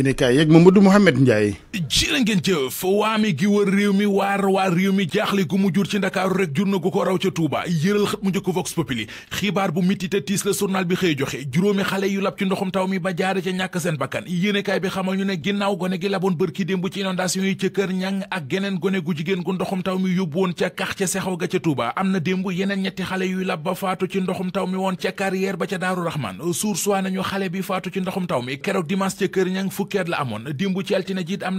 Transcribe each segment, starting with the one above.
yéen kaay yeeg Mamadou Mouhamed Ndiaye jërë ngeen jëf waami gi wër réew mi waar waa réew mi jaaxle gu mu jur ci ndakaaru rek jur na ko raw ca Touba yëral xët mu njëkk Vox Populi xibaar bu miti te tiis la journal bi xëy joxe juróomi xale yu lab ci ndoxum taw mi ba jaare ca ñàkk seen bakkan yéenekaay bi xamal ñu ne ginnaaw gone gi laboon bërki démb ci inondation yi ca kër ñàng ak geneen gone gu jigéen gu ndoxum taw mi yóbbu woon ca kax ca sexaw ca Touba am na démb yeneen ñetti xale yuy lab ba faatu ci ndoxum taw mi woon ca carrière ba ca Daaru Rahman sour soi nañu xale bi faatu ci ndoxum mi keroog dimanche ca kër ñàng fukkeet la amoon démb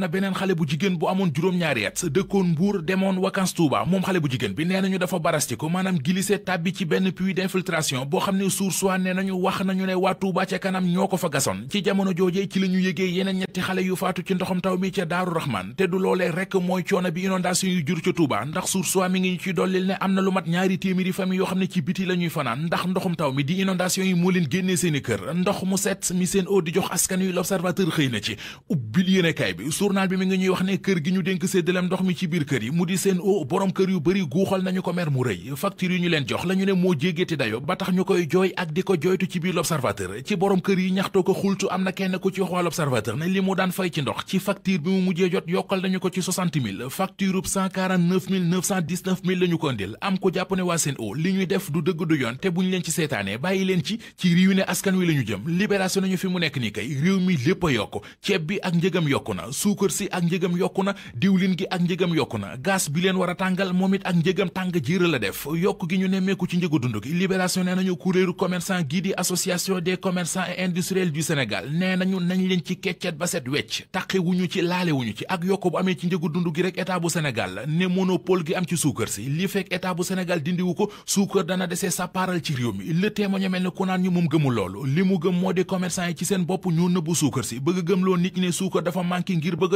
na beneen xale bu jigéen bu amoon juróom-ñaari at dëkkoon Mbuur demoon vacances Touba moom xale bu jigéen bi nee nañu dafa barastiku maanaam glissé tàbbi ci benn puits d'infiltration boo xam ne source wa nee nañu wax nañu ne waa Touba ca kanam ñoo ko fa gasoon ci jamono joojee ci la ñu yëgee yeneen ñetti xale yu faatu ci ndoxam taw mi ca Daaru Rahman te du loolee rekk mooy coono bi inondation yu jur ca Touba ndax source wa mi ngi ñu ci dollil ne seeni kër ndox mu set mi seen eau di jox journal bi mi ngi ñuy wax ne kër gi ñu dénk séddaleem ndox mi ci biir kër yi mu di seen o borom kër yu bëri guuxal nañu ko mer mu rëy facture yi ñu leen jox la ne moo jéggeeti dayo ba tax ñu koy jooy ak di ko jooytu ci biir l'observateur ci borom kër yi ñaxtoo ko xultu am na kenn ko ci 60 000 facture ub ko ndil am ko jàpp ne waa seen o li ñuy def du dëgg du yoon te buñ leen ci seetaane bàyyi leen ci ci riiw ne askan wi la jëm libération suukar si ak njëgam yokku na diwlin gi ak njëgam yokku na gaz bi leen war a tàngal moom it ak njëgam tàng jiira la def yokk gi ñu nemmeeku ci njëgu dund gi libération nee nañu kuréelu commerçant gii di association des commerçants et industriels du Sénégal nee nañu nañ leen ci keccet ba set wecc taqe wuñu ci laale wuñu ci ak yokk bu amee ci njëgu dund gi rek état bu Sénégal ne monopole gi am ci suukar si li fekk état bu Sénégal dindiwu ko suukar dana desee sa paaral ci réew mi le témoignage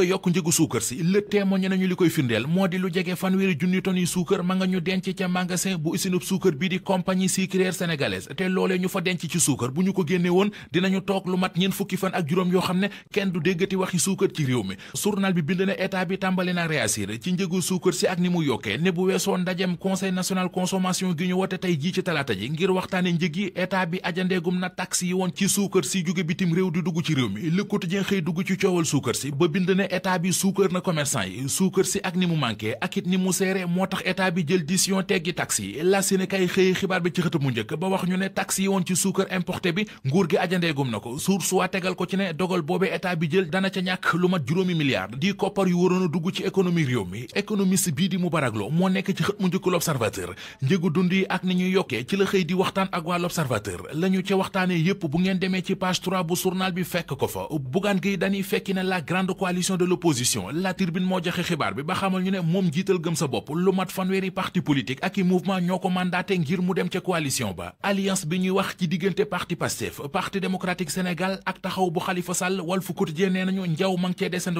bëgg a yokk njëgu suukar si le témoin nañu li koy firndeel moo di lu jege fanweeri junni tonnes yu suukar ma nga ñu denc ca magasin bu usinub suukar bii di compagnie sucrière sénégalaise te loolee ñu fa denc ci suukar bu ñu ko génne woon dinañu toog lu mat ñeen fukki fan ak juróom yoo xam ne kenn du déggati waxi suukar ci réew mi journal bi bind na état bi tàmbali na réagir ci njëgu suukar si ak ni mu yokkee ne bu weesoo ndajem conseil national consommation gi ñu wote tey jii ci talaata ji ngir waxtaane njëg yi état bi ajandeegum na taxe yi woon ci suukar si jóge bitim réew di dugg ci réew mi Le Quotidien xëy dugg ci si état bi suukar na commerçant yi suukar si ak ni mu manqué ak it ni mu seere moo tax état bi jël décision teggi taxe yi la si ne kay xëyi xibaar bi ci xëtu mu njëkk ba wax ñu ne taxe yi woon ci suukar importé bi nguur gi ajandeegum na ko suur suwaa tegal ko ci ne dogal boobee état bi jël dana ca ñàkk lu mat juróomi milliards di koppar yu waroon a dugg ci économie réew mi économiste bii di Moubarack Lô moo nekk ci xët mu njëkk l'observateur njëgu dund ñuy yokkee ci la xëy di waxtaan ak waa l'observateur la ñu ca waxtaanee yépp bu ngeen demee ci page 3 de l'opposition la moo joxe xibaar bi ba xamal ñu ne moom jiital gëm sa bopp lu mat fanweeri parti politique ak i mouvement ñoo ko mandaté ngir mu dem ca coalition ba alliance bi ñuy wax ci diggante parti Pastef parti démocratique Sénégal ak taxaw bu Khalifa Sall Walf Quotidien nee nañu njaw ma ngi cee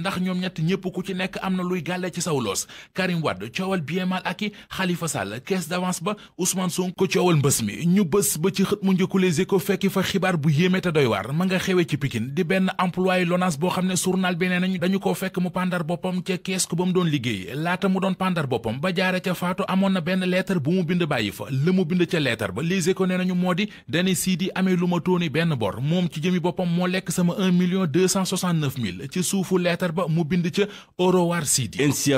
ndax ñoom ñett ñëpp ku ci nekk am na luy gàlle ci saw Karim Wade coowal bien ak i Khalifa Sall caisse d'avance ba Ousmane Sonko coowal mbës nañu dañu ko fekk mu pàndar boppam ca kees ku ba mu doon liggéey laata mu doon pàndar boppam ba jaare ca faatu amoon na benn lettre bu mu bind bàyyi fa la mu bind ca lettre ba Les Échos nee nañu moo di dane Sidi amee lu ma tóoni benn bor moom ci jëmi boppam moo lekk sama 1 million 269 mille ci suufu lettre ba mu bind ca Orowar Sidi